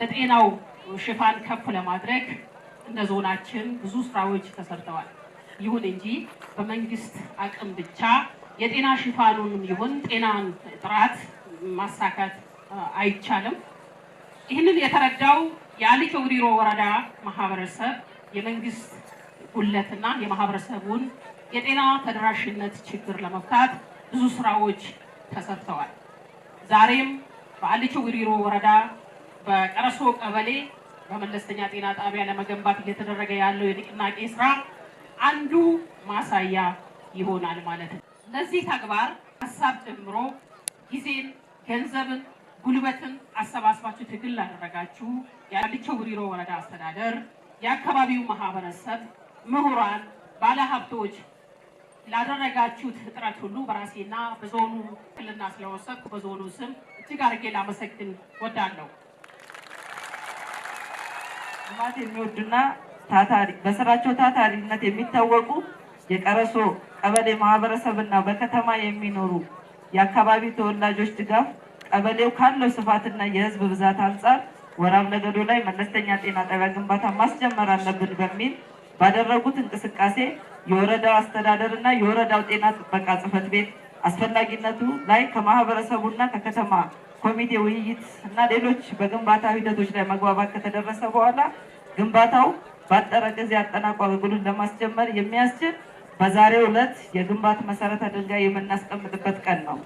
ለጤናው ሽፋን ከፍ ለማድረግ እንደ ዞናችን ብዙ ስራዎች ተሰርተዋል። ይሁን እንጂ በመንግስት አቅም ብቻ የጤና ሽፋኑንም ይሁን ጤናን ጥራት ማሳካት አይቻልም። ይህንን የተረዳው የአሊጮ ውሪሮ ወረዳ ማህበረሰብ የመንግስት ጉለትና የማህበረሰቡን የጤና ተደራሽነት ችግር ለመፍታት ብዙ ስራዎች ተሰርተዋል። ዛሬም በአሊጮ ውሪሮ ወረዳ በቀረሶ ቀበሌ በመለስተኛ ጤና ጣቢያ ለመገንባት እየተደረገ ያለው የንቅናቄ ስራ አንዱ ማሳያ ይሆናል ማለት ነው። ለዚህ ተግባር ሀሳብ ጨምሮ ጊዜን፣ ገንዘብን፣ ጉልበትን አሰባስባችሁ ትግል ላደረጋችሁ ያልቸው ውሪሮ ወረዳ አስተዳደር፣ የአካባቢው ማህበረሰብ፣ ምሁራን፣ ባለሀብቶች ላደረጋችሁት ጥረት ሁሉ በራሴና በዞኑ ክልና ስለወሰድኩ በዞኑ ስም እጅግ አድርጌ ላመሰግን ወዳለሁ። ልማት የሚወዱና ታታሪ በስራቸው ታታሪነት የሚታወቁ የቀረሶ ቀበሌ ማህበረሰብና በከተማ የሚኖሩ የአካባቢ ተወላጆች ድጋፍ ቀበሌው ካለው ስፋትና የህዝብ ብዛት አንጻር ወራብ ለገዶ ላይ መለስተኛ ጤና ጣቢያ ግንባታ ማስጀመር አለብን በሚል ባደረጉት እንቅስቃሴ የወረዳው አስተዳደርና የወረዳው ጤና ጥበቃ ጽህፈት ቤት አስፈላጊነቱ ላይ ከማህበረሰቡና ከከተማ ኮሚቴ ውይይት እና ሌሎች በግንባታ ሂደቶች ላይ መግባባት ከተደረሰ በኋላ ግንባታው ባጠረ ጊዜ አጠናቆ አገልግሎት ለማስጀመር የሚያስችል በዛሬው ዕለት የግንባት መሰረተ ድንጋይ የምናስቀምጥበት ቀን ነው።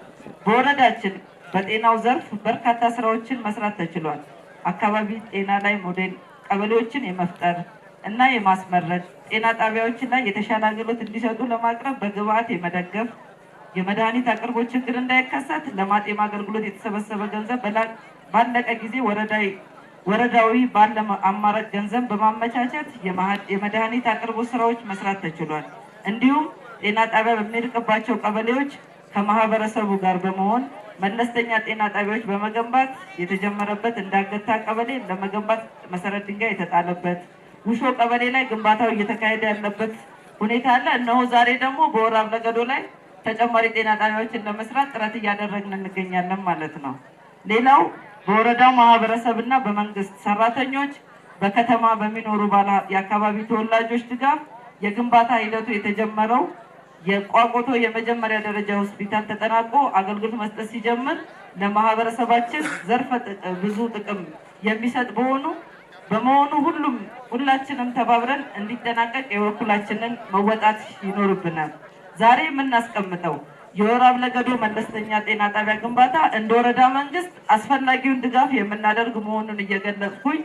በወረዳችን በጤናው ዘርፍ በርካታ ስራዎችን መስራት ተችሏል። አካባቢ ጤና ላይ ሞዴል ቀበሌዎችን የመፍጠር እና የማስመረጥ ጤና ጣቢያዎችን ላይ የተሻለ አገልግሎት እንዲሰጡ ለማቅረብ በግብአት የመደገፍ የመድኃኒት አቅርቦት ችግር እንዳይከሰት ለማጤም አገልግሎት የተሰበሰበ ገንዘብ ባለቀ ጊዜ ወረዳዊ ባለ አማራጭ ገንዘብ በማመቻቸት የመድኃኒት አቅርቦት ስራዎች መስራት ተችሏል። እንዲሁም ጤና ጣቢያ በሚርቅባቸው ቀበሌዎች ከማህበረሰቡ ጋር በመሆን መለስተኛ ጤና ጣቢያዎች በመገንባት የተጀመረበት እንዳገታ ቀበሌ ለመገንባት መሰረት ድንጋይ የተጣለበት ውሾ ቀበሌ ላይ ግንባታው እየተካሄደ ያለበት ሁኔታ አለ። እነሆ ዛሬ ደግሞ በወራብ ነገዶ ላይ ተጨማሪ ጤና ጣቢያዎችን ለመስራት ጥረት እያደረግን እንገኛለን ማለት ነው። ሌላው በወረዳው ማህበረሰብና በመንግስት ሰራተኞች በከተማ በሚኖሩ ባላ የአካባቢ ተወላጆች ድጋፍ የግንባታ ሂደቱ የተጀመረው የቋቆቶ የመጀመሪያ ደረጃ ሆስፒታል ተጠናቆ አገልግሎት መስጠት ሲጀምር ለማህበረሰባችን ዘርፈ ብዙ ጥቅም የሚሰጥ በሆኑ በመሆኑ ሁሉም ሁላችንም ተባብረን እንዲጠናቀቅ የበኩላችንን መወጣት ይኖርብናል። ዛሬ የምናስቀምጠው የወራብ ለገዶ መለስተኛ ጤና ጣቢያ ግንባታ እንደ ወረዳ መንግስት አስፈላጊውን ድጋፍ የምናደርግ መሆኑን እየገለጽኩኝ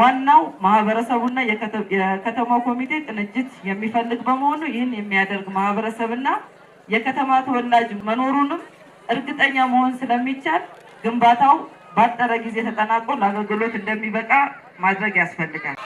ዋናው ማህበረሰቡና የከተማው ኮሚቴ ቅንጅት የሚፈልግ በመሆኑ ይህን የሚያደርግ ማህበረሰብና የከተማ ተወላጅ መኖሩንም እርግጠኛ መሆን ስለሚቻል ግንባታው ባጠረ ጊዜ ተጠናቆ ለአገልግሎት እንደሚበቃ ማድረግ ያስፈልጋል።